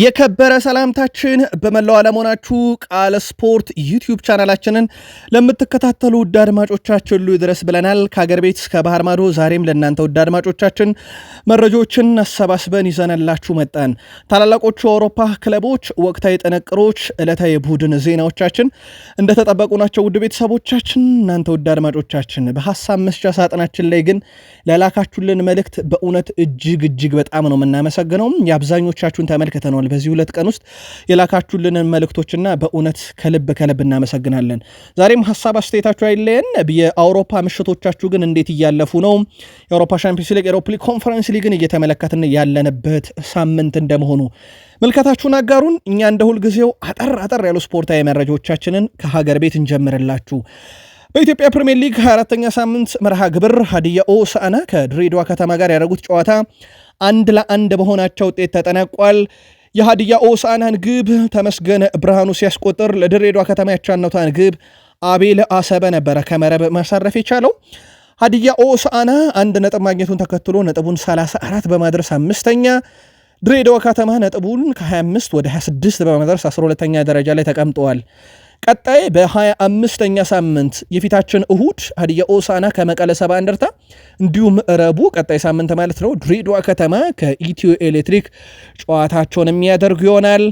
የከበረ ሰላምታችን በመላው ዓለም ሆናችሁ ቃል ስፖርት ዩቲዩብ ቻናላችንን ለምትከታተሉ ውድ አድማጮቻችን ሉ ድረስ ብለናል። ከአገር ቤት እስከ ባህር ማዶ ዛሬም ለእናንተ ውድ አድማጮቻችን መረጃዎችን አሰባስበን ይዘነላችሁ መጣን። ታላላቆቹ የአውሮፓ ክለቦች ወቅታዊ ጥንቅሮች፣ ዕለታዊ ቡድን ዜናዎቻችን እንደተጠበቁ ናቸው። ውድ ቤተሰቦቻችን እናንተ ውድ አድማጮቻችን በሀሳብ መስጫ ሳጥናችን ላይ ግን ለላካችሁልን መልእክት በእውነት እጅግ እጅግ በጣም ነው የምናመሰግነው። የአብዛኞቻችሁን ነው። በዚህ ሁለት ቀን ውስጥ የላካችሁልንን መልእክቶችና በእውነት ከልብ ከልብ እናመሰግናለን። ዛሬም ሀሳብ አስተያየታችሁ አይለየን። የአውሮፓ ምሽቶቻችሁ ግን እንዴት እያለፉ ነው? የአውሮፓ ሻምፒዮንስ ሊግ፣ ኤሮፓ ሊግ፣ ኮንፈረንስ ሊግን እየተመለከትን ያለንበት ሳምንት እንደመሆኑ ምልከታችሁን አጋሩን። እኛ እንደ ሁልጊዜው አጠር አጠር ያሉ ስፖርታዊ መረጃዎቻችንን ከሀገር ቤት እንጀምርላችሁ። በኢትዮጵያ ፕሪምየር ሊግ 24ተኛ ሳምንት መርሃ ግብር ሀዲያ ሆሳዕና ከድሬዳዋ ከተማ ጋር ያደረጉት ጨዋታ አንድ ለአንድ በሆናቸው ውጤት ተጠናቋል። የሀዲያ ኦሳናን ግብ ተመስገን ብርሃኑ ሲያስቆጥር ለድሬዳዋ ከተማ ያቻነቷን ግብ አቤል አሰበ ነበረ ከመረብ ማሳረፍ የቻለው። ሀዲያ ኦሳና አንድ ነጥብ ማግኘቱን ተከትሎ ነጥቡን 34 በማድረስ አምስተኛ፣ ድሬዳዋ ከተማ ነጥቡን ከ25 ወደ 26 በማድረስ 12ኛ ደረጃ ላይ ተቀምጠዋል። ቀጣይ በ 25 ሳምንት የፊታችን እሁድ ሀዲያ ኦሳና ከመቀለ ሰባ እንደርታ እንዲሁም ረቡ ቀጣይ ሳምንት ማለት ነው ድሬዳዋ ከተማ ከኢትዮ ኤሌክትሪክ ጨዋታቸውን የሚያደርጉ ይሆናል።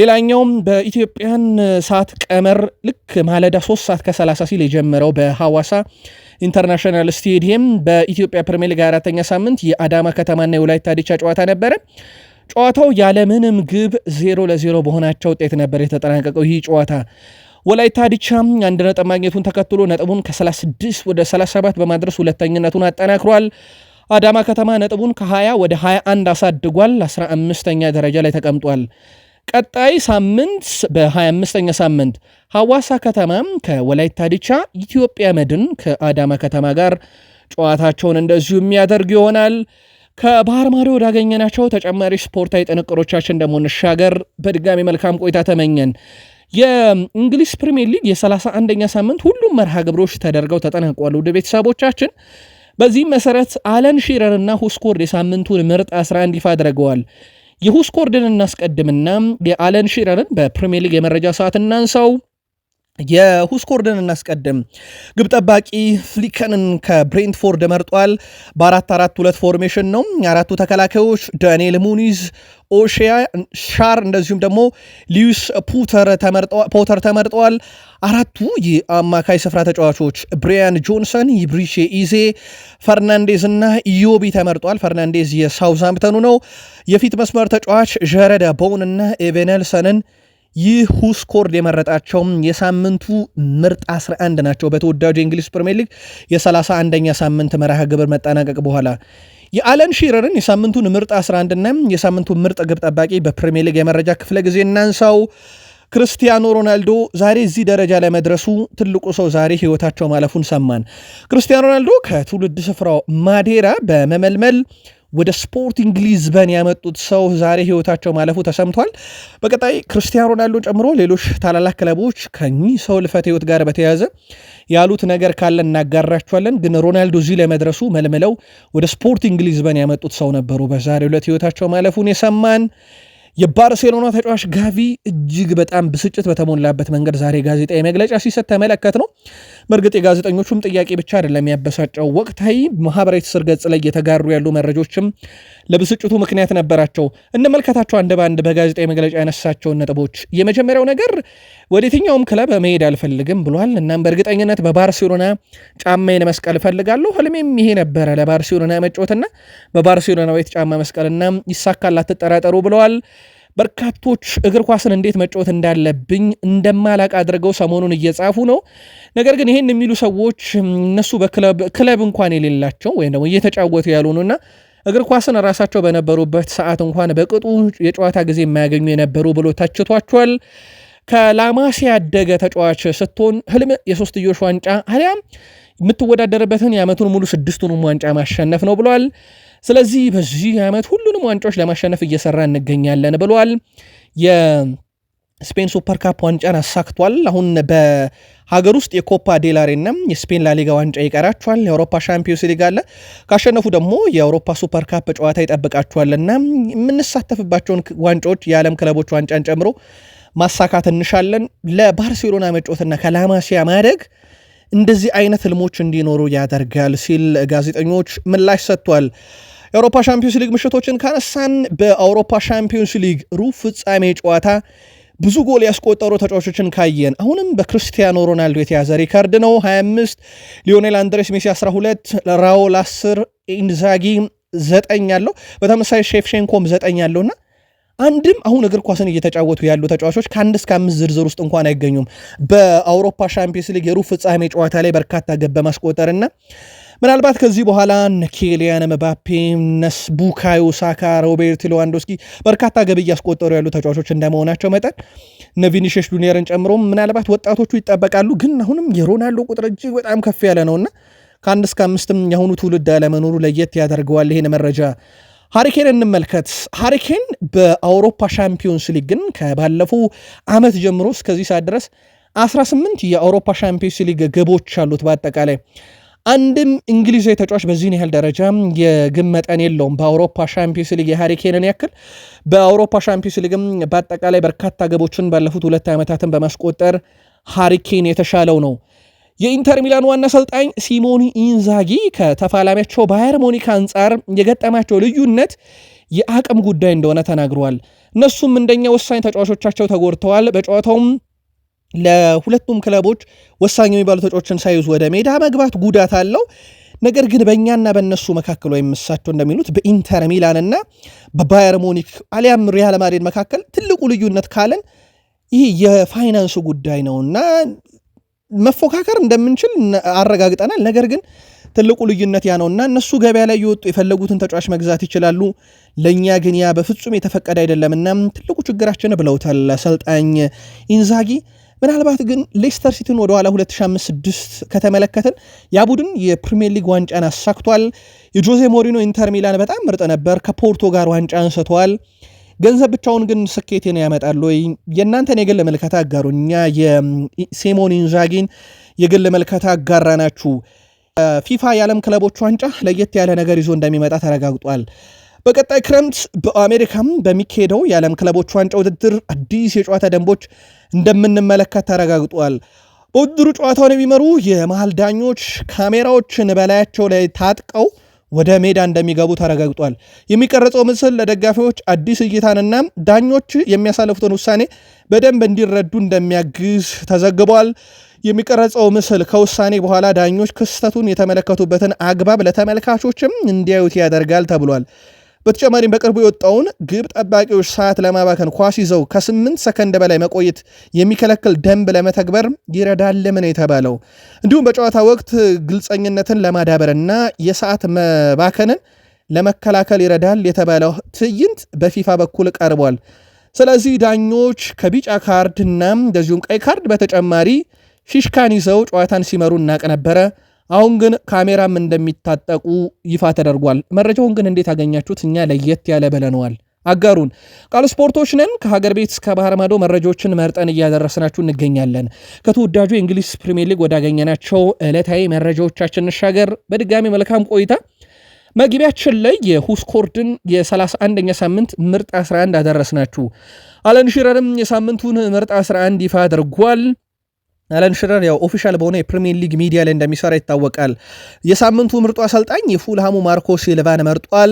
ሌላኛውም በኢትዮጵያን ሰዓት ቀመር ልክ ማለዳ 3 ሰዓት ከ30 ሲል የጀመረው በሐዋሳ ኢንተርናሽናል ስቴዲየም በኢትዮጵያ ፕሪሚየር ሊግ አራተኛ ሳምንት የአዳማ ከተማና የወላይታ ዲቻ ጨዋታ ነበረ። ጨዋታው ያለምንም ግብ ዜሮ ለዜሮ በሆናቸው ውጤት ነበር የተጠናቀቀው። ይህ ጨዋታ ወላይታ ዲቻ አንድ ነጥብ ማግኘቱን ተከትሎ ነጥቡን ከ36 ወደ 37 በማድረስ ሁለተኝነቱን አጠናክሯል። አዳማ ከተማ ነጥቡን ከ20 ወደ 21 አሳድጓል። 15ኛ ደረጃ ላይ ተቀምጧል። ቀጣይ ሳምንት በ25ኛ ሳምንት ሐዋሳ ከተማም ከወላይታ ዲቻ፣ ኢትዮጵያ መድን ከአዳማ ከተማ ጋር ጨዋታቸውን እንደዚሁ የሚያደርግ ይሆናል። ከባህር ማዶ ወዳገኘናቸው ተጨማሪ ስፖርታዊ ጥንቅሮቻችን ደግሞ እንሻገር። በድጋሚ መልካም ቆይታ ተመኘን። የእንግሊዝ ፕሪምየር ሊግ የ31ኛ ሳምንት ሁሉም መርሃ ግብሮች ተደርገው ተጠናቋል። ውድ ቤተሰቦቻችን በዚህም መሰረት አለን ሺረር እና ሁስኮርድ የሳምንቱን ምርጥ 11 ይፋ አድርገዋል። የሁስኮርድን እናስቀድምና የአለን ሺረርን በፕሪምየር ሊግ የመረጃ ሰዓት እናንሳው። የሁስኮርደን እናስቀድም። ግብ ጠባቂ ፍሊከንን ከብሬንትፎርድ መርጧል። በአራት አራት ሁለት ፎርሜሽን ነው። አራቱ ተከላካዮች ዳንኤል ሙኒዝ፣ ኦሺያ ሻር፣ እንደዚሁም ደግሞ ሊዩስ ፖተር ተመርጠዋል። አራቱ የአማካይ ስፍራ ተጫዋቾች ብሪያን ጆንሰን፣ ይብሪሼ ኢዜ፣ ፈርናንዴዝ እና ኢዮቢ ተመርጧል። ፈርናንዴዝ የሳውዛምፕተኑ ነው። የፊት መስመር ተጫዋች ጀረዳ ቦውን እና ኤቬነልሰንን ይህ ሁስኮርድ የመረጣቸው የሳምንቱ ምርጥ 11 ናቸው። በተወዳጁ የእንግሊዝ ፕሪምየር ሊግ የ31ኛ ሳምንት መርሃ ግብር መጠናቀቅ በኋላ የአለን ሺረርን የሳምንቱን ምርጥ 11 ና የሳምንቱ ምርጥ ግብ ጠባቂ በፕሪምየር ሊግ የመረጃ ክፍለ ጊዜ እናንሳው። ክርስቲያኖ ሮናልዶ ዛሬ እዚህ ደረጃ ላይ መድረሱ ትልቁ ሰው ዛሬ ህይወታቸው ማለፉን ሰማን። ክርስቲያኖ ሮናልዶ ከትውልድ ስፍራው ማዴራ በመመልመል ወደ ስፖርቲንግ ሊዝበን ያመጡት ሰው ዛሬ ህይወታቸው ማለፉ ተሰምቷል። በቀጣይ ክርስቲያን ሮናልዶን ጨምሮ ሌሎች ታላላቅ ክለቦች ከኚህ ሰው ልፈት ህይወት ጋር በተያያዘ ያሉት ነገር ካለን እናጋራችኋለን። ግን ሮናልዶ እዚህ ለመድረሱ መልምለው ወደ ስፖርቲንግ ሊዝበን ያመጡት ሰው ነበሩ። በዛሬ ዕለት ህይወታቸው ማለፉን የሰማን የባርሴሎና ተጫዋች ጋቪ እጅግ በጣም ብስጭት በተሞላበት መንገድ ዛሬ ጋዜጣዊ መግለጫ ሲሰጥ ተመለከት ነው። በእርግጥ የጋዜጠኞቹም ጥያቄ ብቻ አይደለም ያበሳጨው። ወቅታዊ ማህበራዊ ትስስር ገጽ ላይ እየተጋሩ ያሉ መረጃዎችም ለብስጭቱ ምክንያት ነበራቸው። እንመልከታቸው አንድ በአንድ በጋዜጣዊ መግለጫ ያነሳቸውን ነጥቦች። የመጀመሪያው ነገር ወደ የትኛውም ክለብ መሄድ አልፈልግም ብሏል። እናም በእርግጠኝነት በባርሴሎና ጫማዬን መስቀል እፈልጋለሁ። ህልሜም ይሄ ነበረ ለባርሴሎና መጫወትና በባርሴሎና ቤት ጫማ መስቀልና ይሳካል፣ አትጠራጠሩ ብለዋል። በርካቶች እግር ኳስን እንዴት መጫወት እንዳለብኝ እንደማላቅ አድርገው ሰሞኑን እየጻፉ ነው። ነገር ግን ይህን የሚሉ ሰዎች እነሱ በክለብ ክለብ እንኳን የሌላቸው ወይም ደግሞ እየተጫወቱ ያልሆኑና እግር ኳስን ራሳቸው በነበሩበት ሰዓት እንኳን በቅጡ የጨዋታ ጊዜ የማያገኙ የነበሩ ብሎ ተችቷቸዋል። ከላማስ ያደገ ተጫዋች ስትሆን ህልም የሶስትዮሽ ዋንጫ አሊያም የምትወዳደርበትን የዓመቱን ሙሉ ስድስቱንም ዋንጫ ማሸነፍ ነው ብሏል። ስለዚህ በዚህ ዓመት ሁሉንም ዋንጫዎች ለማሸነፍ እየሰራ እንገኛለን ብለዋል። የስፔን ሱፐር ካፕ ዋንጫን አሳክቷል። አሁን በሀገር ውስጥ የኮፓ ዴላሬና የስፔን ላሊጋ ዋንጫ ይቀራቸዋል። የአውሮፓ ሻምፒዮንስ ሊግ አለ። ካሸነፉ ደግሞ የአውሮፓ ሱፐር ካፕ ጨዋታ ይጠብቃቸዋልና የምንሳተፍባቸውን ዋንጫዎች የዓለም ክለቦች ዋንጫን ጨምሮ ማሳካት እንሻለን። ለባርሴሎና መጫወትና ከላማሲያ ማደግ እንደዚህ አይነት ህልሞች እንዲኖሩ ያደርጋል ሲል ጋዜጠኞች ምላሽ ሰጥቷል። የአውሮፓ ሻምፒዮንስ ሊግ ምሽቶችን ካነሳን በአውሮፓ ሻምፒዮንስ ሊግ ሩብ ፍጻሜ ጨዋታ ብዙ ጎል ያስቆጠሩ ተጫዋቾችን ካየን አሁንም በክርስቲያኖ ሮናልዶ የተያዘ ሪካርድ ነው 25 ሊዮኔል አንድሬስ ሜሲ 12 ራውል 10 ኢንዛጊ 9 ያለው በተመሳይ ሼፍሼንኮም 9 ያለውና አንድም አሁን እግር ኳስን እየተጫወቱ ያሉ ተጫዋቾች ከአንድ እስከ አምስት ዝርዝር ውስጥ እንኳን አይገኙም። በአውሮፓ ሻምፒዮንስ ሊግ የሩብ ፍጻሜ ጨዋታ ላይ በርካታ ገብ በማስቆጠርና ምናልባት ከዚህ በኋላ ኬሊያን መባፔ፣ ነስ ቡካዮ ሳካ፣ ሮቤርት ሌዋንዶስኪ በርካታ ገብ እያስቆጠሩ ያሉ ተጫዋቾች እንደመሆናቸው መጠን እነ ቪኒሽስ ጁኒየርን ጨምሮ ምናልባት ወጣቶቹ ይጠበቃሉ። ግን አሁንም የሮናልዶ ቁጥር እጅግ በጣም ከፍ ያለ ነውና ከአንድ እስከ አምስትም የአሁኑ ትውልድ አለመኖሩ ለየት ያደርገዋል ይሄን መረጃ። ሃሪኬን እንመልከት። ሃሪኬን በአውሮፓ ሻምፒዮንስ ሊግ ግን ከባለፉ ዓመት ጀምሮ እስከዚህ ሰዓት ድረስ 18 የአውሮፓ ሻምፒዮንስ ሊግ ግቦች አሉት በአጠቃላይ አንድም እንግሊዛዊ ተጫዋች በዚህን ያህል ደረጃ የግብ መጠን የለውም በአውሮፓ ሻምፒዮንስ ሊግ የሃሪኬንን ያክል። በአውሮፓ ሻምፒዮንስ ሊግም በአጠቃላይ በርካታ ገቦችን ባለፉት ሁለት ዓመታትን በማስቆጠር ሃሪኬን የተሻለው ነው። የኢንተር ሚላን ዋና አሰልጣኝ ሲሞኒ ኢንዛጊ ከተፋላሚያቸው ባየር ሞኒክ አንጻር የገጠማቸው ልዩነት የአቅም ጉዳይ እንደሆነ ተናግረዋል። እነሱም እንደኛ ወሳኝ ተጫዋቾቻቸው ተጎድተዋል፣ በጨዋታውም ለሁለቱም ክለቦች ወሳኝ የሚባሉ ተጫዎችን ሳይዙ ወደ ሜዳ መግባት ጉዳት አለው። ነገር ግን በእኛና በእነሱ መካከል ወይም እሳቸው እንደሚሉት በኢንተር ሚላን እና በባየር ሙኒክ አሊያም ሪያል ማድሪድ መካከል ትልቁ ልዩነት ካለን ይህ የፋይናንሱ ጉዳይ ነውና መፎካከር እንደምንችል አረጋግጠናል። ነገር ግን ትልቁ ልዩነት ያ ነውና እነሱ ገበያ ላይ የወጡ የፈለጉትን ተጫዋች መግዛት ይችላሉ። ለእኛ ግን ያ በፍጹም የተፈቀደ አይደለምና ትልቁ ችግራችን ብለውታል አሰልጣኝ ኢንዛጊ። ምናልባት ግን ሌስተር ሲቲን ወደኋላ 2005/06 ከተመለከትን ያ ቡድን የፕሪሚየር ሊግ ዋንጫን አሳክቷል። የጆዜ ሞሪኖ ኢንተር ሚላን በጣም ምርጥ ነበር። ከፖርቶ ጋር ዋንጫ አንስተዋል። ገንዘብ ብቻውን ግን ስኬቴን ያመጣል ወይ? የእናንተን የግል መልከታ አጋሩ። እኛ የሴሞን ኢንዛጊን የግል መልከታ አጋራ ናችሁ። ፊፋ የዓለም ክለቦች ዋንጫ ለየት ያለ ነገር ይዞ እንደሚመጣ ተረጋግጧል። በቀጣይ ክረምት በአሜሪካም በሚካሄደው የዓለም ክለቦች ዋንጫ ውድድር አዲስ የጨዋታ ደንቦች እንደምንመለከት ተረጋግጧል። በውድድሩ ጨዋታውን የሚመሩ የመሃል ዳኞች ካሜራዎችን በላያቸው ላይ ታጥቀው ወደ ሜዳ እንደሚገቡ ተረጋግጧል። የሚቀረጸው ምስል ለደጋፊዎች አዲስ እይታንና ዳኞች የሚያሳልፉትን ውሳኔ በደንብ እንዲረዱ እንደሚያግዝ ተዘግቧል። የሚቀረጸው ምስል ከውሳኔ በኋላ ዳኞች ክስተቱን የተመለከቱበትን አግባብ ለተመልካቾችም እንዲያዩት ያደርጋል ተብሏል። በተጨማሪም በቅርቡ የወጣውን ግብ ጠባቂዎች ሰዓት ለማባከን ኳስ ይዘው ከስምንት ሰከንድ በላይ መቆየት የሚከለክል ደንብ ለመተግበር ይረዳል ነው የተባለው። እንዲሁም በጨዋታ ወቅት ግልጸኝነትን ለማዳበርና የሰዓት መባከንን ለመከላከል ይረዳል የተባለው ትዕይንት በፊፋ በኩል ቀርቧል። ስለዚህ ዳኞች ከቢጫ ካርድ እናም እንደዚሁም ቀይ ካርድ በተጨማሪ ፊሽካን ይዘው ጨዋታን ሲመሩ እናቅ ነበረ። አሁን ግን ካሜራም እንደሚታጠቁ ይፋ ተደርጓል። መረጃውን ግን እንዴት አገኛችሁት? እኛ ለየት ያለ ብለነዋል። አጋሩን ቃል ስፖርቶች ነን። ከሀገር ቤት እስከ ባህር ማዶ መረጃዎችን መርጠን እያደረስናችሁ እንገኛለን። ከተወዳጁ የእንግሊዝ ፕሪሚየር ሊግ ወዳገኘናቸው ዕለታዊ መረጃዎቻችን እንሻገር። በድጋሚ መልካም ቆይታ። መግቢያችን ላይ የሁስኮርድን የ31ኛ ሳምንት ምርጥ 11 አደረስናችሁ። አለን ሽረርም የሳምንቱን ምርጥ 11 ይፋ አድርጓል። አለን ሽረር ያው ኦፊሻል በሆነ የፕሪሚየር ሊግ ሚዲያ ላይ እንደሚሰራ ይታወቃል። የሳምንቱ ምርጡ አሰልጣኝ የፉልሃሙ ማርኮ ሲልቫን መርጧል።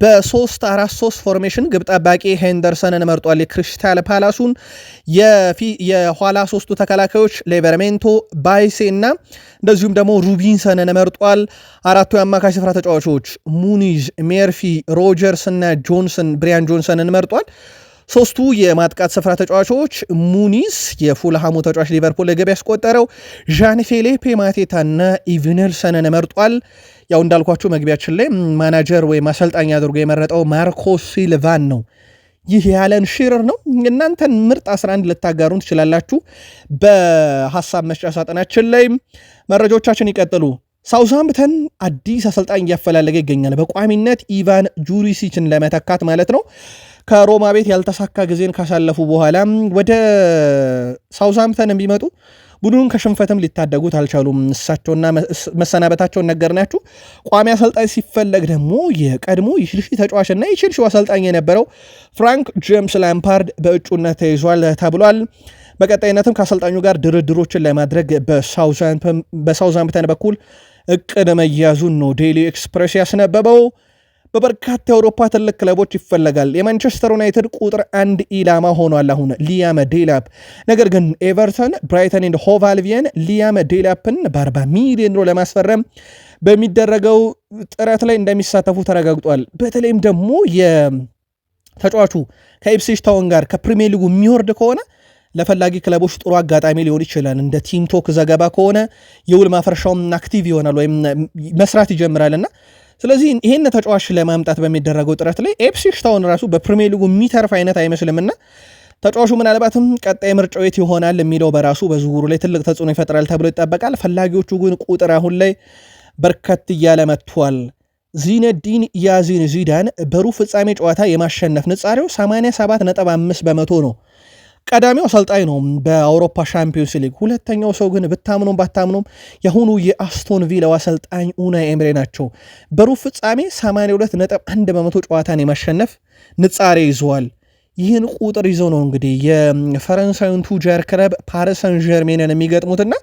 በ343 ፎርሜሽን ግብ ጠባቂ ሄንደርሰንን መርጧል። የክሪስታል ፓላሱን የኋላ ሶስቱ ተከላካዮች ሌቨርሜንቶ፣ ባይሴ እና እንደዚሁም ደግሞ ሩቢንሰንን መርጧል። አራቱ የአማካይ ስፍራ ተጫዋቾች ሙኒዝ፣ ሜርፊ፣ ሮጀርስ እና ጆንሰን ብሪያን ጆንሰንን መርጧል። ሶስቱ የማጥቃት ስፍራ ተጫዋቾች ሙኒስ የፉልሃሙ ተጫዋች ሊቨርፑል ግብ ያስቆጠረው ዣን ፊሊፔ ማቴታና ኢቪኔልሰንን መርጧል። ያው እንዳልኳችሁ መግቢያችን ላይ ማናጀር ወይም አሰልጣኝ አድርጎ የመረጠው ማርኮ ሲልቫን ነው። ይህ ያለን ሽርር ነው። እናንተን ምርጥ 11 ልታጋሩን ትችላላችሁ። በሀሳብ መስጫ ሳጥናችን ላይ መረጃዎቻችን ይቀጥሉ። ሳውሳምፕተን አዲስ አሰልጣኝ እያፈላለገ ይገኛል። በቋሚነት ኢቫን ጁሪሲችን ለመተካት ማለት ነው። ከሮማ ቤት ያልተሳካ ጊዜን ካሳለፉ በኋላ ወደ ሳውሳምፕተን ቢመጡ ቡድኑን ከሽንፈትም ሊታደጉት አልቻሉም። እሳቸውና መሰናበታቸውን ነገርናችሁ። ቋሚ አሰልጣኝ ሲፈለግ ደግሞ የቀድሞ የቼልሲ ተጫዋችና የቼልሲ አሰልጣኝ የነበረው ፍራንክ ጄምስ ላምፓርድ በእጩነት ተይዟል ተብሏል። በቀጣይነትም ከአሰልጣኙ ጋር ድርድሮችን ለማድረግ በሳውዛምፕተን በኩል እቅድ መያዙን ነው ዴሊ ኤክስፕሬስ ያስነበበው። በበርካታ የአውሮፓ ትልቅ ክለቦች ይፈለጋል። የማንቸስተር ዩናይትድ ቁጥር አንድ ኢላማ ሆኗል አሁን ሊያም ዴላፕ። ነገር ግን ኤቨርተን፣ ብራይተን ኤንድ ሆቭ አልቪየን ሊያም ዴላፕን በ40 ሚሊዮን ዩሮ ለማስፈረም በሚደረገው ጥረት ላይ እንደሚሳተፉ ተረጋግጧል። በተለይም ደግሞ የተጫዋቹ ከኢፕስዊች ታውን ጋር ከፕሪሚየር ሊጉ የሚወርድ ከሆነ ለፈላጊ ክለቦች ጥሩ አጋጣሚ ሊሆን ይችላል። እንደ ቲምቶክ ዘገባ ከሆነ የውል ማፈረሻውም አክቲቭ ይሆናል ወይም መስራት ይጀምራልና ስለዚህ ይህን ተጫዋች ለማምጣት በሚደረገው ጥረት ላይ ኤፕሲሽ ታውን ራሱ በፕሪሚየር ሊጉ የሚተርፍ አይነት አይመስልምና ተጫዋቹ ምናልባትም ቀጣይ ምርጫ ቤት ይሆናል የሚለው በራሱ በዝውውሩ ላይ ትልቅ ተጽዕኖ ይፈጥራል ተብሎ ይጠበቃል። ፈላጊዎቹ ግን ቁጥር አሁን ላይ በርከት እያለ መጥቷል። ዚነዲን ያዚን ዚዳን በሩብ ፍጻሜ ጨዋታ የማሸነፍ ንጻሬው 87.5 በመቶ ነው። ቀዳሚው አሰልጣኝ ነው በአውሮፓ ሻምፒዮንስ ሊግ። ሁለተኛው ሰው ግን ብታምኖም ባታምኖም የአሁኑ የአስቶን ቪላው አሰልጣኝ ኡናይ ኤምሬ ናቸው። በሩብ ፍጻሜ 82.1 በመቶ ጨዋታን የማሸነፍ ንጻሬ ይዘዋል። ይህን ቁጥር ይዘው ነው እንግዲህ የፈረንሳዩን ቱጃር ክለብ ፓሪሰን ጀርሜንን የሚገጥሙትና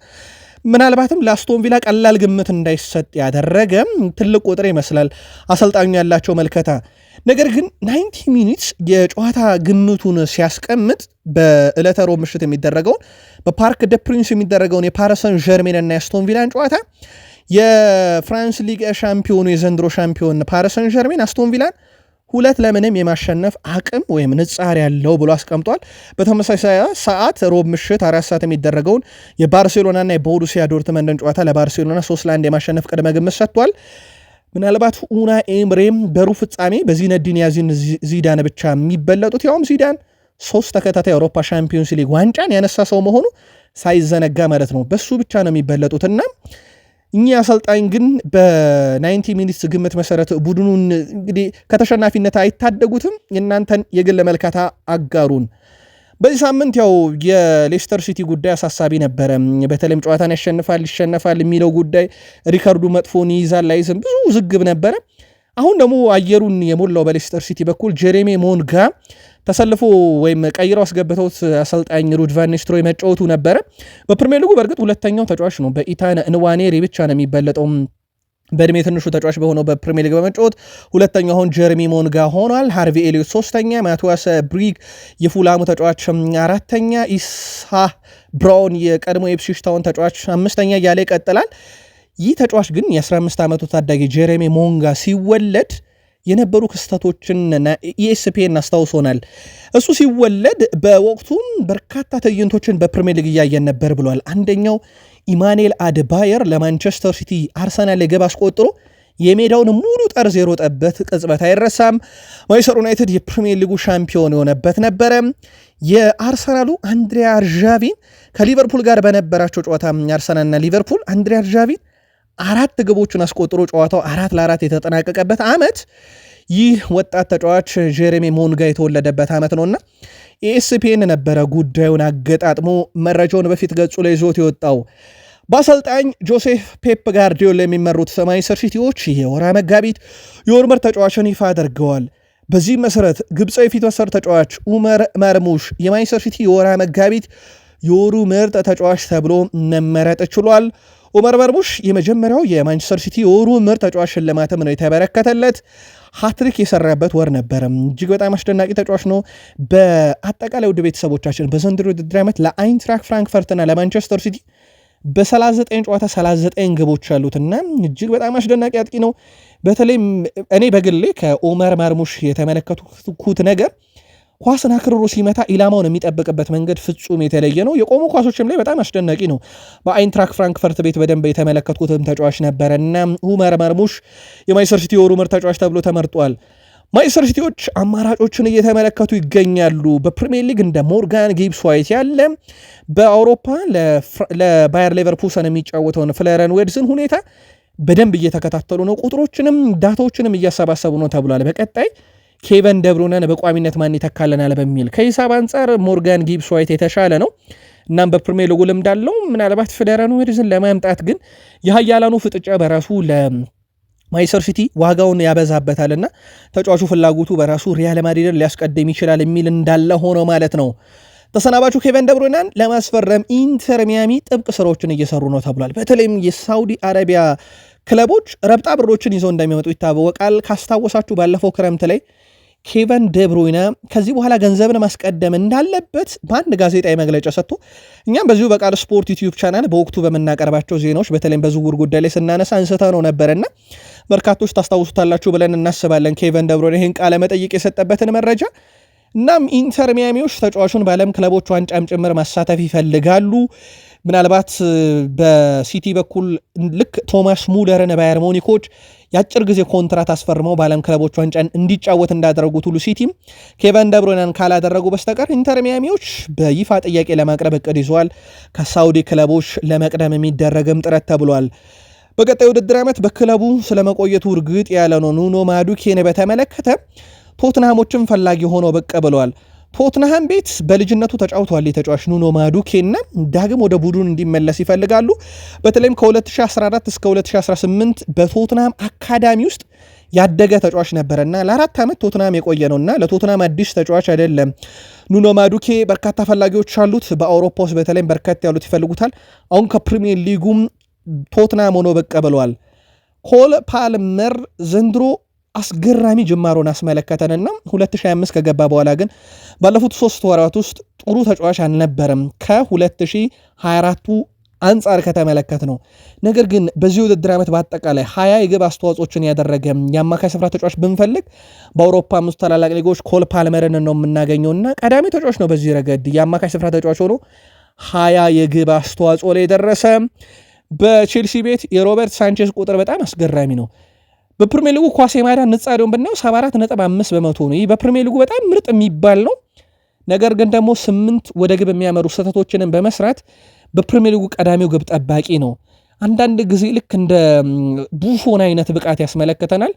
ምናልባትም ለአስቶን ቪላ ቀላል ግምት እንዳይሰጥ ያደረገ ትልቅ ቁጥር ይመስላል አሰልጣኙ ያላቸው መልከታ ነገር ግን 90 ሚኒትስ የጨዋታ ግምቱን ሲያስቀምጥ በዕለተ ሮብ ምሽት የሚደረገውን በፓርክ ደ ፕሪንስ የሚደረገውን የፓረሰን ዠርሜን እና የአስቶን ቪላን ጨዋታ የፍራንስ ሊግ ሻምፒዮኑ የዘንድሮ ሻምፒዮን ፓረሰን ዠርሜን አስቶን ቪላን ሁለት ለምንም የማሸነፍ አቅም ወይም ንጻር ያለው ብሎ አስቀምጧል። በተመሳሳይ ሰዓት ሮብ ምሽት አራት ሰዓት የሚደረገውን የባርሴሎናና የቦሩሲያ ዶርትመንደን ጨዋታ ለባርሴሎና ሶስት ለአንድ የማሸነፍ ቅድመ ግምት ሰጥቷል። ምናልባት ኡና ኤምሬም በሩ ፍጻሜ በዚነዲን ያዚን ዚዳን ብቻ የሚበለጡት ያውም ዚዳን ሶስት ተከታታይ የአውሮፓ ሻምፒዮንስ ሊግ ዋንጫን ያነሳ ሰው መሆኑ ሳይዘነጋ ማለት ነው። በሱ ብቻ ነው የሚበለጡት እና እኚህ አሰልጣኝ ግን በ90 ሚኒትስ ግምት መሰረት ቡድኑን እንግዲህ ከተሸናፊነት አይታደጉትም። የእናንተን የግል መልካታ አጋሩን። በዚህ ሳምንት ያው የሌስተር ሲቲ ጉዳይ አሳሳቢ ነበረ። በተለይም ጨዋታን ያሸንፋል ይሸነፋል የሚለው ጉዳይ ሪከርዱ መጥፎን ይይዛል ላይዝም ብዙ ውዝግብ ነበረ። አሁን ደግሞ አየሩን የሞላው በሌስተር ሲቲ በኩል ጀሬሜ ሞንጋ ተሰልፎ ወይም ቀይረው አስገብተውት አሰልጣኝ ሩድቫን ቫን ኒስትሮይ መጫወቱ ነበረ። በፕሪሚየር ሊጉ በእርግጥ ሁለተኛው ተጫዋች ነው። በኢታን ንዋኔሪ ብቻ ነው የሚበለጠው በእድሜ ትንሹ ተጫዋች በሆነው በፕሪሚየር ሊግ በመጫወት ሁለተኛ አሁን ጀርሚ ሞንጋ ሆኗል። ሃርቪ ኤሊዮት ሶስተኛ፣ ማቲያስ ብሪግ የፉላሙ ተጫዋች አራተኛ፣ ኢስሃ ብራውን የቀድሞ የኢፕስዊች ታውን ተጫዋች አምስተኛ እያለ ይቀጥላል። ይህ ተጫዋች ግን የ15 ዓመቱ ታዳጊ ጀሬሚ ሞንጋ ሲወለድ የነበሩ ክስተቶችን ኢኤስፒን e አስታውሶናል። እሱ ሲወለድ በወቅቱም በርካታ ትዕይንቶችን በፕሪሚየር ሊግ እያየን ነበር ብሏል። አንደኛው ኢማኑኤል አድባየር ለማንቸስተር ሲቲ አርሰናል ግብ አስቆጥሮ የሜዳውን ሙሉ ጠርዝ የሮጠበት ቅጽበት አይረሳም። ማንቸስተር ዩናይትድ የፕሪሚየር ሊጉ ሻምፒዮን የሆነበት ነበረ። የአርሰናሉ አንድሪያ አርዣቪን ከሊቨርፑል ጋር በነበራቸው ጨዋታ አርሰናልና ሊቨርፑል አንድሪያ ርዣቪን አራት ግቦቹን አስቆጥሮ ጨዋታው አራት ለአራት የተጠናቀቀበት ዓመት ይህ ወጣት ተጫዋች ጀሬሚ ሞንጋ የተወለደበት ዓመት ነውና ኤስፒኤን ነበረ ጉዳዩን አገጣጥሞ መረጃውን በፊት ገጹ ላይ ይዞት የወጣው በአሰልጣኝ ጆሴፍ ፔፕ ጋርዲዮል የሚመሩት ማንቸስተር ሲቲዎች የወራ መጋቢት የወር ምርጥ ተጫዋችን ይፋ አድርገዋል። በዚህ መሰረት ግብፃዊ የፊት መስመር ተጫዋች ኡመር መርሙሽ የማንቸስተር ሲቲ የወራ መጋቢት የወሩ ምርጥ ተጫዋች ተብሎ መመረጥ ችሏል። ኡመር መርሙሽ የመጀመሪያው የማንችስተር ሲቲ የወሩ ምርጥ ተጫዋች ሽልማትም ነው የተበረከተለት። ሀትሪክ የሰራበት ወር ነበረም። እጅግ በጣም አስደናቂ ተጫዋች ነው። በአጠቃላይ ውድ ቤተሰቦቻችን በዘንድሮ ውድድር ዓመት ለአይንትራክ ፍራንክፈርትና ለማንቸስተር ሲቲ በ39 ጨዋታ 39 ግቦች ያሉትና እጅግ በጣም አስደናቂ አጥቂ ነው። በተለይ እኔ በግሌ ከኦመር ማርሙሽ የተመለከቱት ነገር ኳስን አክርሮ ሲመታ ኢላማውን የሚጠብቅበት መንገድ ፍጹም የተለየ ነው። የቆሙ ኳሶችም ላይ በጣም አስደናቂ ነው። በአይንትራክ ፍራንክፈርት ቤት በደንብ የተመለከትኩትም ተጫዋች ነበረና ኡመር ማርሙሽ የማንቸስተር ሲቲ የወሩ ምርጥ ተጫዋች ተብሎ ተመርጧል። ማንቸስተር ሲቲዎች አማራጮችን እየተመለከቱ ይገኛሉ። በፕሪሚየር ሊግ እንደ ሞርጋን ጊብስ ዋይት ያለ በአውሮፓ ለባየር ሌቨርፑሰን የሚጫወተውን ፍለረን ዌድስን ሁኔታ በደንብ እየተከታተሉ ነው። ቁጥሮችንም ዳታዎችንም እያሰባሰቡ ነው ተብሏል። በቀጣይ ኬቨን ደብሩነን በቋሚነት ማን ይተካልናል በሚል ከሂሳብ አንጻር ሞርጋን ጊብስ ዋይት የተሻለ ነው። እናም በፕሪሚየር ሊጉ ልምድ አለው። ምናልባት ፍለረን ዌድስን ለማምጣት ግን የሀያላኑ ፍጥጫ በራሱ ለ ማይሰር ሲቲ ዋጋውን ያበዛበታልና ተጫዋቹ ፍላጎቱ በራሱ ሪያል ማድሪድን ሊያስቀድም ይችላል የሚል እንዳለ ሆኖ ማለት ነው። ተሰናባቹ ኬቨን ደብሮናን ለማስፈረም ኢንተር ሚያሚ ጥብቅ ስራዎችን እየሰሩ ነው ተብሏል። በተለይም የሳውዲ አረቢያ ክለቦች ረብጣ ብሮችን ይዘው እንደሚመጡ ይታወቃል። ካስታወሳችሁ ባለፈው ክረምት ላይ ኬቨን ደብሮይነ ከዚህ በኋላ ገንዘብን ማስቀደም እንዳለበት በአንድ ጋዜጣዊ መግለጫ ሰጥቶ እኛም በዚሁ በቃል ስፖርት ዩቲዩብ ቻናል በወቅቱ በምናቀርባቸው ዜናዎች በተለይም በዝውውር ጉዳይ ላይ ስናነሳ አንስተ ነው ነበረና በርካቶች ታስታውሱታላችሁ ብለን እናስባለን። ኬቨን ደብሮ ይህን ቃለ መጠይቅ የሰጠበትን መረጃ እናም ኢንተር ሚያሚዎች ተጫዋቹን በዓለም ክለቦች ዋንጫም ጭምር ማሳተፍ ይፈልጋሉ። ምናልባት በሲቲ በኩል ልክ ቶማስ ሙለርን ባየር ሞኒኮች የአጭር ጊዜ ኮንትራት አስፈርመው በዓለም ክለቦች ዋንጫን እንዲጫወት እንዳደረጉት ሁሉ ሲቲም ኬቨን ደብሮናን ካላደረጉ በስተቀር ኢንተር ሚያሚዎች በይፋ ጥያቄ ለማቅረብ እቅድ ይዘዋል። ከሳውዲ ክለቦች ለመቅደም የሚደረግም ጥረት ተብሏል። በቀጣይ ውድድር ዓመት በክለቡ ስለመቆየቱ እርግጥ ያለ ነው። ኑኖ ማዱኬን በተመለከተ ቶትናሞችም ፈላጊ ሆኖ ብቅ ብለዋል። ቶትንሃም ቤት በልጅነቱ ተጫውተዋል የተጫዋች ኑኖ ማዱኬና ዳግም ወደ ቡድን እንዲመለስ ይፈልጋሉ። በተለይም ከ2014 እስከ 2018 በቶትንሃም አካዳሚ ውስጥ ያደገ ተጫዋች ነበረና ለአራት ዓመት ቶትናም የቆየ ነውና ለቶትናም አዲስ ተጫዋች አይደለም። ኑኖ ማዱኬ በርካታ ፈላጊዎች አሉት። በአውሮፓ ውስጥ በተለይም በርካታ ያሉት ይፈልጉታል። አሁን ከፕሪሚየር ሊጉም ቶትናም ሆኖ ብለዋል። ኮል ፓልመር ዘንድሮ አስገራሚ ጅማሮን አስመለከተንና 2025 ከገባ በኋላ ግን ባለፉት ሶስት ወራት ውስጥ ጥሩ ተጫዋች አልነበረም ከ2024ቱ አንጻር ከተመለከት ነው። ነገር ግን በዚህ ውድድር ዓመት በአጠቃላይ ሀያ የግብ አስተዋጽኦችን ያደረገ የአማካይ ስፍራ ተጫዋች ብንፈልግ በአውሮፓ አምስት ታላላቅ ሊጎች ኮል ፓልመርን ነው የምናገኘው እና ቀዳሚ ተጫዋች ነው። በዚህ ረገድ የአማካይ ስፍራ ተጫዋች ሆኖ ሀያ የግብ አስተዋጽኦ ላይ የደረሰ በቼልሲ ቤት የሮበርት ሳንቼዝ ቁጥር በጣም አስገራሚ ነው። በፕሪሚየር ሊጉ ኳስ የማዳን ነጻ ያለውን ብናየው 74.5 በመቶ ነው። ይህ በፕሪሚየር ሊጉ በጣም ምርጥ የሚባል ነው። ነገር ግን ደግሞ ስምንት ወደ ግብ የሚያመሩ ስህተቶችንም በመስራት በፕሪሚየር ሊጉ ቀዳሚው ግብ ጠባቂ ነው። አንዳንድ ጊዜ ልክ እንደ ቡፎን አይነት ብቃት ያስመለክተናል።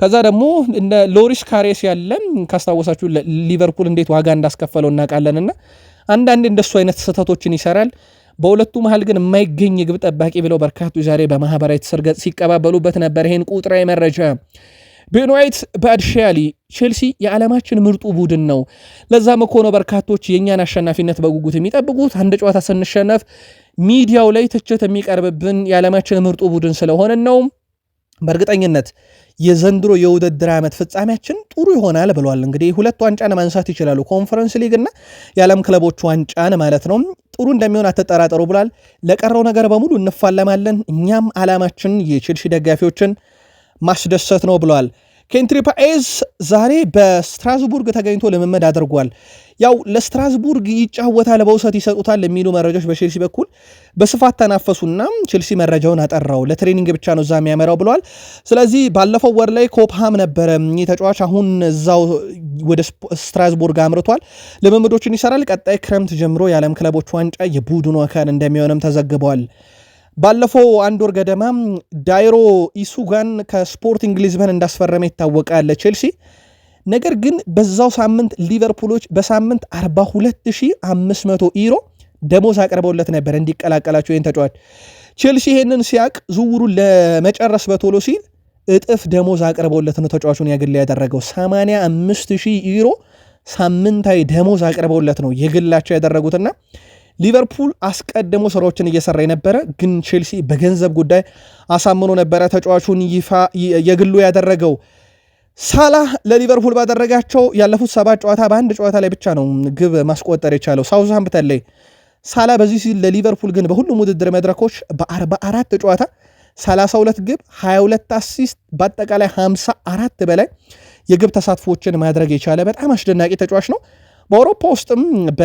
ከዛ ደግሞ እንደ ሎሪስ ካሬስ ያለም ካስታወሳችሁ ሊቨርፑል እንዴት ዋጋ እንዳስከፈለው እናውቃለንና አንዳንድ እንደሱ አይነት ስህተቶችን ይሰራል። በሁለቱ መሀል ግን የማይገኝ ግብ ጠባቂ ብለው በርካቱ ዛሬ በማህበራዊ ትስስር ገጽ ሲቀባበሉበት ነበር። ይህን ቁጥራዊ መረጃ ቤንዋይት ዋይት ቼልሲ የዓለማችን ምርጡ ቡድን ነው። ለዛም እኮ ነው በርካቶች የእኛን አሸናፊነት በጉጉት የሚጠብቁት። አንድ ጨዋታ ስንሸነፍ ሚዲያው ላይ ትችት የሚቀርብብን የዓለማችን ምርጡ ቡድን ስለሆነን ነው። በእርግጠኝነት የዘንድሮ የውድድር ዓመት ፍጻሜያችን ጥሩ ይሆናል ብሏል። እንግዲህ ሁለት ዋንጫን ማንሳት ይችላሉ፣ ኮንፈረንስ ሊግ እና የዓለም ክለቦች ዋንጫን ማለት ነው። ጥሩ እንደሚሆን አትጠራጠሩ ብሏል። ለቀረው ነገር በሙሉ እንፋለማለን፣ እኛም ዓላማችን የቼልሲ ደጋፊዎችን ማስደሰት ነው ብሏል። ኬንትሪ ፓኤዝ ዛሬ በስትራስቡርግ ተገኝቶ ልምምድ አድርጓል። ያው ለስትራስቡርግ ይጫወታል በውሰት ይሰጡታል የሚሉ መረጃዎች በቼልሲ በኩል በስፋት ተናፈሱና ቼልሲ መረጃውን አጠራው። ለትሬኒንግ ብቻ ነው እዛ የሚያመራው ብለዋል። ስለዚህ ባለፈው ወር ላይ ኮፕሃም ነበረ ተጫዋች፣ አሁን እዛው ወደ ስትራስቡርግ አምርቷል። ልምምዶችን ይሰራል። ቀጣይ ክረምት ጀምሮ የዓለም ክለቦች ዋንጫ የቡድኑ አካል እንደሚሆንም ተዘግቧል። ባለፈው አንድ ወር ገደማ ዳይሮ ኢሱጋን ከስፖርቲንግ ሊዝበን እንዳስፈረመ ይታወቃል ቼልሲ። ነገር ግን በዛው ሳምንት ሊቨርፑሎች በሳምንት 42500 ኢሮ ደሞዝ አቅርበውለት ነበር እንዲቀላቀላቸው ይህን ተጫዋች። ቼልሲ ይህንን ሲያቅ ዝውውሩን ለመጨረስ በቶሎ ሲል እጥፍ ደሞዝ አቅርበውለት ነው ተጫዋቹን የግል ያደረገው። 85000 ኢሮ ሳምንታዊ ደሞዝ አቅርበውለት ነው የግላቸው ያደረጉትና ሊቨርፑል አስቀድሞ ስራዎችን እየሰራ የነበረ ግን ቼልሲ በገንዘብ ጉዳይ አሳምኖ ነበረ ተጫዋቹን ይፋ የግሉ ያደረገው። ሳላህ ለሊቨርፑል ባደረጋቸው ያለፉት ሰባት ጨዋታ በአንድ ጨዋታ ላይ ብቻ ነው ግብ ማስቆጠር የቻለው ሳውዝሃምፕተን ላይ። ሳላ በዚህ ሲል ለሊቨርፑል ግን በሁሉም ውድድር መድረኮች በ44 ጨዋታ 32 ግብ 22 አሲስት በአጠቃላይ 54 በላይ የግብ ተሳትፎችን ማድረግ የቻለ በጣም አስደናቂ ተጫዋች ነው። በአውሮፓ ውስጥም በ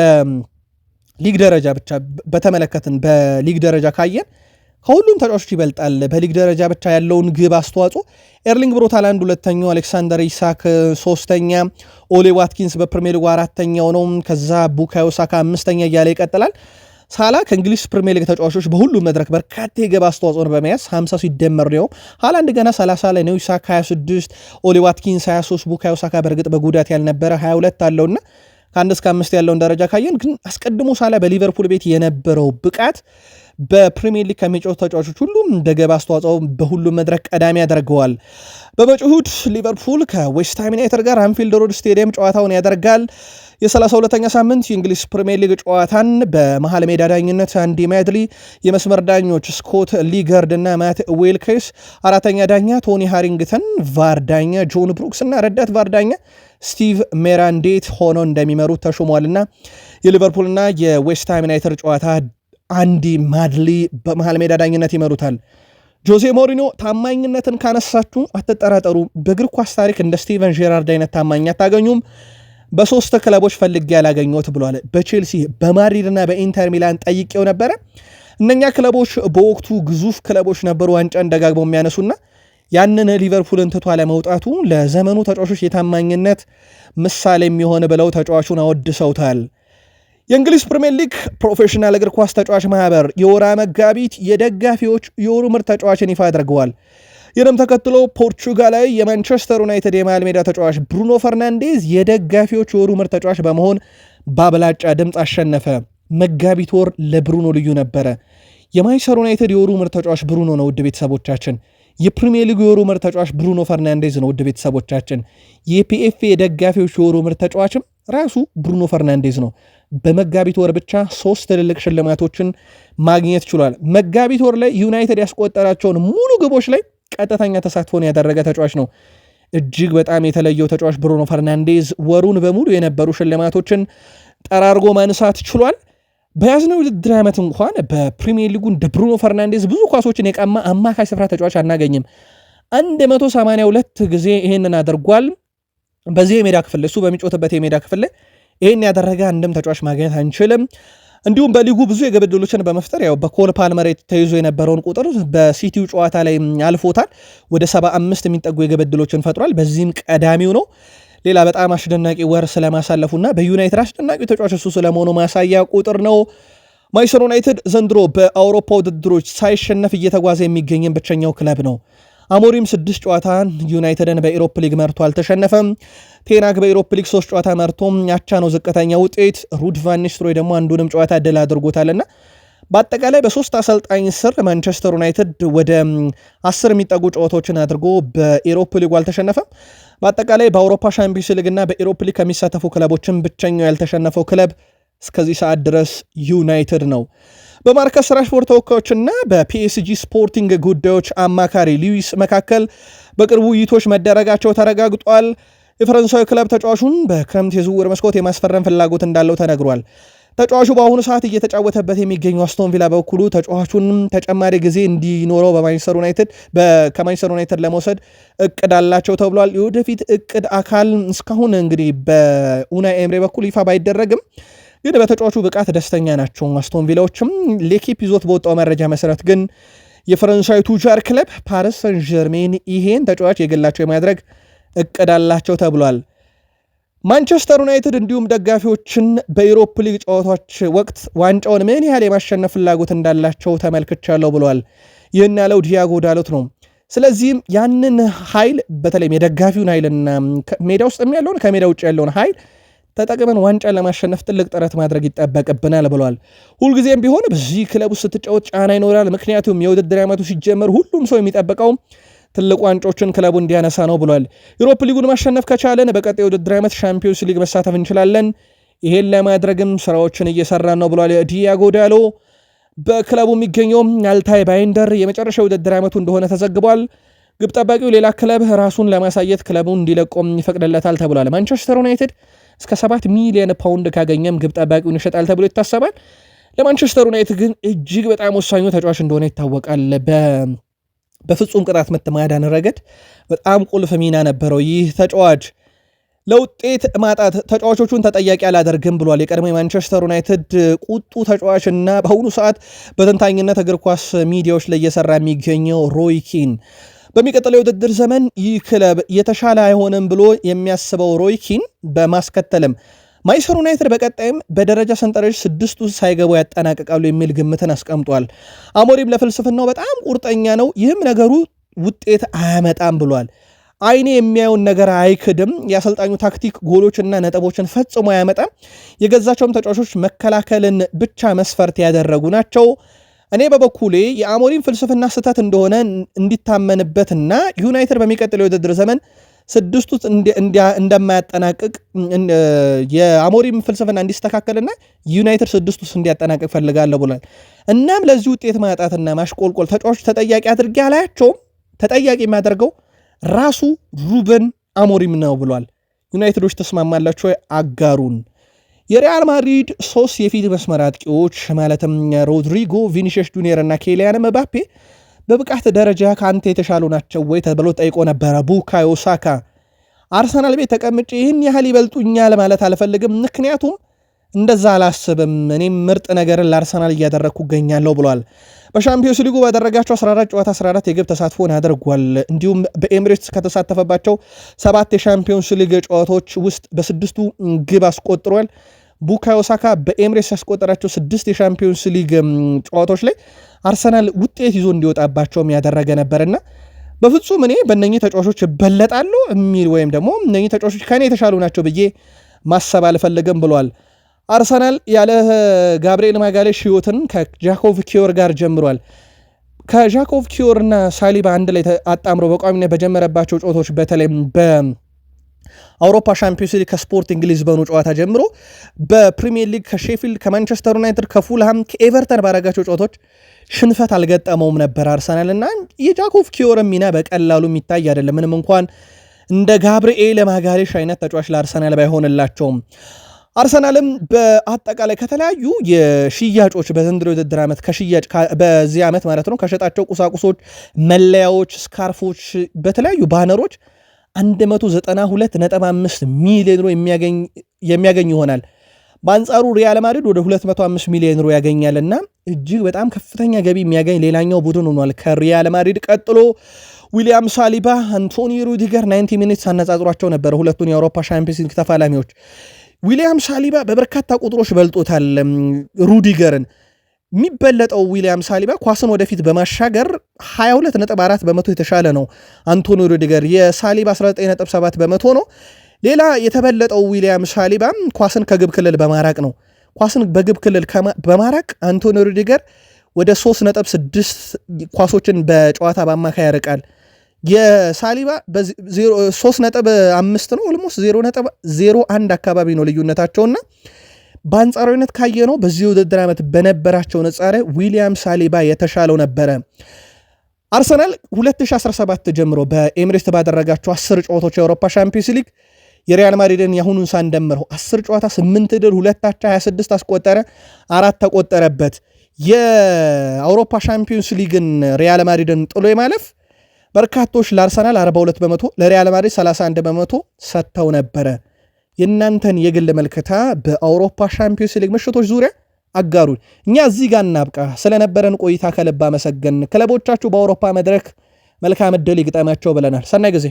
ሊግ ደረጃ ብቻ በተመለከትን በሊግ ደረጃ ካየን ከሁሉም ተጫዋቾች ይበልጣል። በሊግ ደረጃ ብቻ ያለውን ግብ አስተዋጽኦ ኤርሊንግ ብሮታላንድ ሁለተኛው፣ አሌክሳንደር ኢሳክ ሶስተኛ፣ ኦሌ ዋትኪንስ በፕሪሚየር ሊጉ አራተኛው ነው። ከዛ ቡካዮ ሳካ አምስተኛ እያለ ይቀጥላል። ሳላ ከእንግሊዝ ፕሪሚየር ሊግ ተጫዋቾች በሁሉም መድረክ በርካታ የግብ አስተዋጽኦን በመያዝ 50 ሲደመር ነው። ሃላንድ ገና 30 ላይ ነው፣ ኢሳክ 26፣ ኦሌ ዋትኪንስ 23፣ ቡካዮ ሳካ በእርግጥ በጉዳት ያልነበረ 22 አለውና ከአንድ እስከ አምስት ያለውን ደረጃ ካየን ግን አስቀድሞ ሳላ በሊቨርፑል ቤት የነበረው ብቃት በፕሪሚየር ሊግ ከሚጫወቱ ተጫዋቾች ሁሉም እንደ ገባ አስተዋጽኦ በሁሉም መድረክ ቀዳሚ ያደርገዋል። በመጪው እሁድ ሊቨርፑል ከዌስትሃም ዩናይትድ ጋር አንፊልድ ሮድ ስቴዲየም ጨዋታውን ያደርጋል። የ32ኛ ሳምንት የእንግሊዝ ፕሪምየር ሊግ ጨዋታን በመሀል ሜዳ ዳኝነት አንዲ ማድሊ፣ የመስመር ዳኞች ስኮት ሊገርድ እና ማት ዌልኬስ፣ አራተኛ ዳኛ ቶኒ ሃሪንግተን፣ ቫር ዳኛ ጆን ብሩክስ እና ረዳት ቫር ዳኛ ስቲቭ ሜራንዴት ሆነው እንደሚመሩት ተሹሟልና የሊቨርፑልና የዌስትሃም ዩናይትድ ጨዋታ አንዲ ማድሊ በመሀል ሜዳ ዳኝነት ይመሩታል። ጆዜ ሞሪኖ ታማኝነትን ካነሳችሁ አትጠራጠሩ፣ በእግር ኳስ ታሪክ እንደ ስቲቨን ጄራርድ አይነት ታማኝ አታገኙም። በሶስት ክለቦች ፈልጌ ያላገኘሁት ብሏል። በቼልሲ በማድሪድና በኢንተር ሚላን ጠይቄው ነበረ። እነኛ ክለቦች በወቅቱ ግዙፍ ክለቦች ነበሩ፣ ዋንጫን ደጋግመው የሚያነሱና ያንን ሊቨርፑልን ትቶ ለመውጣቱ ለዘመኑ ተጫዋቾች የታማኝነት ምሳሌ የሚሆን ብለው ተጫዋቹን አወድሰውታል። የእንግሊዝ ፕሪምየር ሊግ ፕሮፌሽናል እግር ኳስ ተጫዋች ማህበር የወራ መጋቢት የደጋፊዎች የወሩ ምርጥ ተጫዋችን ይፋ አድርገዋል። ይህንም ተከትሎ ፖርቹጋላዊ የማንቸስተር ዩናይትድ የመሃል ሜዳ ተጫዋች ብሩኖ ፈርናንዴዝ የደጋፊዎች የወሩ ምርጥ ተጫዋች በመሆን በአብላጫ ድምፅ አሸነፈ። መጋቢት ወር ለብሩኖ ልዩ ነበረ። የማንቸስተር ዩናይትድ የወሩ ምርጥ ተጫዋች ብሩኖ ነው። ውድ ቤተሰቦቻችን የፕሪሚየር ሊግ የወሩ ምርጥ ተጫዋች ብሩኖ ፈርናንዴዝ ነው። ውድ ቤተሰቦቻችን የፒኤፍ የደጋፊዎች የወሩ ምርጥ ተጫዋችም ራሱ ብሩኖ ፈርናንዴዝ ነው። በመጋቢት ወር ብቻ ሶስት ትልልቅ ሽልማቶችን ማግኘት ችሏል። መጋቢት ወር ላይ ዩናይትድ ያስቆጠራቸውን ሙሉ ግቦች ላይ ቀጥተኛ ተሳትፎን ያደረገ ተጫዋች ነው። እጅግ በጣም የተለየው ተጫዋች ብሩኖ ፈርናንዴዝ ወሩን በሙሉ የነበሩ ሽልማቶችን ጠራርጎ ማንሳት ችሏል። በያዝነው ውድድር ዓመት እንኳን በፕሪሚየር ሊጉ እንደ ብሩኖ ፈርናንዴዝ ብዙ ኳሶችን የቀማ አማካይ ስፍራ ተጫዋች አናገኝም። 182 ጊዜ ይህንን አድርጓል። በዚህ የሜዳ ክፍል እሱ በሚጮትበት የሜዳ ክፍል ላይ ይህን ያደረገ አንድም ተጫዋች ማግኘት አንችልም። እንዲሁም በሊጉ ብዙ የግብ ዕድሎችን በመፍጠር ያው በኮል ፓልመር ተይዞ የነበረውን ቁጥር በሲቲው ጨዋታ ላይ አልፎታል። ወደ 75 የሚጠጉ የግብ ዕድሎችን ፈጥሯል። በዚህም ቀዳሚው ነው። ሌላ በጣም አስደናቂ ወር ስለማሳለፉና በዩናይትድ አስደናቂ ተጫዋች እሱ ስለመሆኑ ማሳያ ቁጥር ነው። ማንቸስተር ዩናይትድ ዘንድሮ በአውሮፓ ውድድሮች ሳይሸነፍ እየተጓዘ የሚገኝን ብቸኛው ክለብ ነው። አሞሪም ስድስት ጨዋታ ዩናይትድን በኢሮፕ ሊግ መርቶ አልተሸነፈም። ቴናግ በኢሮፕ ሊግ ሶስት ጨዋታ መርቶ ያቻ ነው ዝቅተኛ ውጤት። ሩድ ቫኒስትሮይ ደግሞ አንዱንም ጨዋታ ድል አድርጎታልና በአጠቃላይ በሶስት አሰልጣኝ ስር ማንቸስተር ዩናይትድ ወደ አስር የሚጠጉ ጨዋታዎችን አድርጎ በኢሮፕ ሊጉ አልተሸነፈም። በአጠቃላይ በአውሮፓ ሻምፒዮንስ ሊግና በኢሮፕ ሊግ ከሚሳተፉ ክለቦችን ብቸኛው ያልተሸነፈው ክለብ እስከዚህ ሰዓት ድረስ ዩናይትድ ነው። በማርከስ ራሽፎርድ ተወካዮችና በፒኤስጂ ስፖርቲንግ ጉዳዮች አማካሪ ሊዊስ መካከል በቅርቡ ውይይቶች መደረጋቸው ተረጋግጧል። የፈረንሳዊ ክለብ ተጫዋቹን በክረምት የዝውውር መስኮት የማስፈረም ፍላጎት እንዳለው ተነግሯል። ተጫዋቹ በአሁኑ ሰዓት እየተጫወተበት የሚገኘው አስቶን ቪላ በኩሉ ተጫዋቹንም ተጨማሪ ጊዜ እንዲኖረው በማንቸስተር ዩናይትድ ከማንቸስተር ዩናይትድ ለመውሰድ እቅድ አላቸው ተብሏል። የወደፊት እቅድ አካል እስካሁን እንግዲህ በኡናይ ኤምሬ በኩል ይፋ ባይደረግም ግን በተጫዋቹ ብቃት ደስተኛ ናቸው። አስቶን ቪላዎችም ሌኪፕ ይዞት በወጣው መረጃ መሰረት ግን የፈረንሳዊ ቱጃር ክለብ ፓሪስ ሰን ጀርሜን ይሄን ተጫዋች የግላቸው የማድረግ እቅድ አላቸው ተብሏል። ማንቸስተር ዩናይትድ እንዲሁም ደጋፊዎችን በዩሮፕ ሊግ ጨዋታዎች ወቅት ዋንጫውን ምን ያህል የማሸነፍ ፍላጎት እንዳላቸው ተመልክቻለሁ ብሏል። ይህን ያለው ዲያጎ ዳሎት ነው። ስለዚህም ያንን ኃይል በተለይም የደጋፊውን ኃይልና ሜዳ ውስጥ ያለውን ከሜዳ ውጭ ያለውን ኃይል ተጠቅመን ዋንጫ ለማሸነፍ ትልቅ ጥረት ማድረግ ይጠበቅብናል ብሏል። ሁልጊዜም ቢሆን በዚህ ክለብ ውስጥ ስትጫወት ጫና ይኖራል። ምክንያቱም የውድድር ዓመቱ ሲጀመር ሁሉም ሰው የሚጠብቀው ትልቅ ዋንጫዎችን ክለቡ እንዲያነሳ ነው ብሏል። ዩሮፕ ሊጉን ማሸነፍ ከቻለን በቀጣይ ውድድር ዓመት ሻምፒዮንስ ሊግ መሳተፍ እንችላለን። ይሄን ለማድረግም ስራዎችን እየሰራን ነው ብሏል። ዲያጎ ዳሎ በክለቡ የሚገኘው አልታይ ባይንደር የመጨረሻ የውድድር ዓመቱ እንደሆነ ተዘግቧል። ግብ ጠባቂው ሌላ ክለብ ራሱን ለማሳየት ክለቡን እንዲለቆም ይፈቅድለታል ተብሏል። ማንቸስተር ዩናይትድ እስከ 7 ሚሊዮን ፓውንድ ካገኘም ግብ ጠባቂውን ይሸጣል ተብሎ ይታሰባል። ለማንቸስተር ዩናይትድ ግን እጅግ በጣም ወሳኙ ተጫዋች እንደሆነ ይታወቃል። በፍጹም ቅጣት ምት ማዳን ረገድ በጣም ቁልፍ ሚና ነበረው ይህ ተጫዋች። ለውጤት ማጣት ተጫዋቾቹን ተጠያቂ አላደርግም ብሏል የቀድሞ የማንቸስተር ዩናይትድ ቁጡ ተጫዋች እና በአሁኑ ሰዓት በተንታኝነት እግር ኳስ ሚዲያዎች ላይ እየሰራ የሚገኘው ሮይ ኪን። በሚቀጥለው የውድድር ዘመን ይህ ክለብ የተሻለ አይሆንም ብሎ የሚያስበው ሮይኪን በማስከተልም ማይሰር ዩናይትድ በቀጣይም በደረጃ ሰንጠረዥ ስድስት ውስጥ ሳይገቡ ያጠናቅቃሉ የሚል ግምትን አስቀምጧል። አሞሪም ለፍልስፍናው በጣም ቁርጠኛ ነው። ይህም ነገሩ ውጤት አያመጣም ብሏል። አይኔ የሚያየውን ነገር አይክድም። የአሰልጣኙ ታክቲክ ጎሎችና ነጥቦችን ፈጽሞ አያመጣም። የገዛቸውም ተጫዋቾች መከላከልን ብቻ መስፈርት ያደረጉ ናቸው። እኔ በበኩሌ የአሞሪም ፍልስፍና ስህተት እንደሆነ እንዲታመንበትና ዩናይትድ በሚቀጥለው የውድድር ዘመን ስድስት ውስጥ እንደማያጠናቅቅ የአሞሪም ፍልስፍና እንዲስተካከልና ዩናይትድ ስድስት ውስጥ እንዲያጠናቅቅ ፈልጋለሁ ብሏል። እናም ለዚህ ውጤት ማጣትና ማሽቆልቆል ተጫዋች ተጠያቂ አድርጌ አላያቸውም። ተጠያቂ የሚያደርገው ራሱ ሩበን አሞሪም ነው ብሏል። ዩናይትዶች ተስማማላቸው? አጋሩን የሪያል ማድሪድ ሶስት የፊት መስመር አጥቂዎች ማለትም ሮድሪጎ፣ ቪኒሽስ ጁኒየር እና ኬሊያን መባፔ በብቃት ደረጃ ከአንተ የተሻሉ ናቸው ወይ ተብሎ ጠይቆ ነበረ ቡካዮ ሳካ። አርሰናል ቤት ተቀምጬ ይህን ያህል ይበልጡኛል ማለት አልፈልግም፣ ምክንያቱም እንደዛ አላስብም፣ እኔም ምርጥ ነገርን ለአርሰናል እያደረግኩ እገኛለሁ ብሏል። በሻምፒዮንስ ሊጉ ባደረጋቸው 14 ጨዋታ 14 የግብ ተሳትፎን አድርጓል። እንዲሁም በኤምሬትስ ከተሳተፈባቸው ሰባት የሻምፒዮንስ ሊግ ጨዋታዎች ውስጥ በስድስቱ ግብ አስቆጥሯል። ቡካዮ ሳካ በኤምሬትስ ያስቆጠራቸው ስድስት የሻምፒዮንስ ሊግ ጨዋታዎች ላይ አርሰናል ውጤት ይዞ እንዲወጣባቸውም ያደረገ ነበርና በፍጹም እኔ በእነኚህ ተጫዋቾች እበለጣለሁ የሚል ወይም ደግሞ እነኚህ ተጫዋቾች ከኔ የተሻሉ ናቸው ብዬ ማሰብ አልፈልግም ብሏል። አርሰናል ያለ ጋብርኤል ማጋሌሽ ህይወትን ከጃኮቭ ኪዮር ጋር ጀምሯል። ከጃኮቭ ኪዮር እና ሳሊባ አንድ ላይ አጣምሮ በቋሚነት በጀመረባቸው ጨዋታዎች በተለይም በአውሮፓ ሻምፒዮንስ ሊግ ከስፖርቲንግ ሊዝበኑ ጨዋታ ጀምሮ በፕሪሚየር ሊግ ከሼፊልድ፣ ከማንቸስተር ዩናይትድ፣ ከፉልሃም፣ ከኤቨርተን ባረጋቸው ጨዋታዎች ሽንፈት አልገጠመውም ነበር አርሰናል እና የጃኮቭ ኪዮር ሚና በቀላሉ የሚታይ አይደለም። ምንም እንኳን እንደ ጋብርኤል ማጋሌሽ አይነት ተጫዋች ለአርሰናል ባይሆንላቸውም አርሰናልም በአጠቃላይ ከተለያዩ የሽያጮች በዘንድሮ የውድድር ዓመት ከሽያጭ በዚህ ዓመት ማለት ነው ከሸጣቸው ቁሳቁሶች፣ መለያዎች፣ ስካርፎች፣ በተለያዩ ባነሮች 192.5 ሚሊዮን ዩሮ የሚያገኝ ይሆናል። በአንጻሩ ሪያል ማድሪድ ወደ 205 ሚሊዮን ዩሮ እና እጅግ በጣም ከፍተኛ ገቢ የሚያገኝ ሌላኛው ቡድን ሆኗል። ከሪያል ማድሪድ ቀጥሎ ዊሊያም ሳሊባ፣ አንቶኒ ሩዲገር 90 ሚኒትስ አነጻጽሯቸው ነበረ ሁለቱን የአውሮፓ ሻምፒዮንስ ሊግ ተፋላሚዎች ዊሊያም ሳሊባ በበርካታ ቁጥሮች በልጦታል ሩዲገርን። የሚበለጠው ዊሊያም ሳሊባ ኳስን ወደፊት በማሻገር 22.4 በመቶ የተሻለ ነው። አንቶኒ ሩዲገር የሳሊባ 19.7 በመቶ ነው። ሌላ የተበለጠው ዊሊያም ሳሊባ ኳስን ከግብ ክልል በማራቅ ነው። ኳስን በግብ ክልል በማራቅ አንቶኒ ሩዲገር ወደ 3.6 ኳሶችን በጨዋታ በአማካይ ያርቃል። የሳሊባ ሶስት ነጥብ አምስት ነው ኦልሞስት ዜሮ ነጥብ ዜሮ አንድ አካባቢ ነው ልዩነታቸውና በአንጻራዊነት ካየ ነው በዚህ ውድድር ዓመት በነበራቸው ነጻረ ዊሊያም ሳሊባ የተሻለው ነበረ። አርሰናል 2017 ጀምሮ በኤምሬትስ ባደረጋቸው 10 ጨዋታዎች የአውሮፓ ሻምፒዮንስ ሊግ የሪያል ማድሪድን የአሁኑን ሳንደምረው 10 ጨዋታ 8 ድል፣ 2 አቻ፣ 26 አስቆጠረ፣ አራት ተቆጠረበት። የአውሮፓ ሻምፒዮንስ ሊግን ሪያል ማድሪድን ጥሎ የማለፍ በርካቶች ለአርሰናል 42 በመቶ ለሪያል ማድሪድ 31 በመቶ ሰጥተው ነበረ። የእናንተን የግል መልከታ በአውሮፓ ሻምፒዮንስ ሊግ ምሽቶች ዙሪያ አጋሩን። እኛ እዚህ ጋር እናብቃ። ስለነበረን ቆይታ ከልብ አመሰገን። ክለቦቻችሁ በአውሮፓ መድረክ መልካም እድል ይግጠማቸው ብለናል። ሰናይ ጊዜ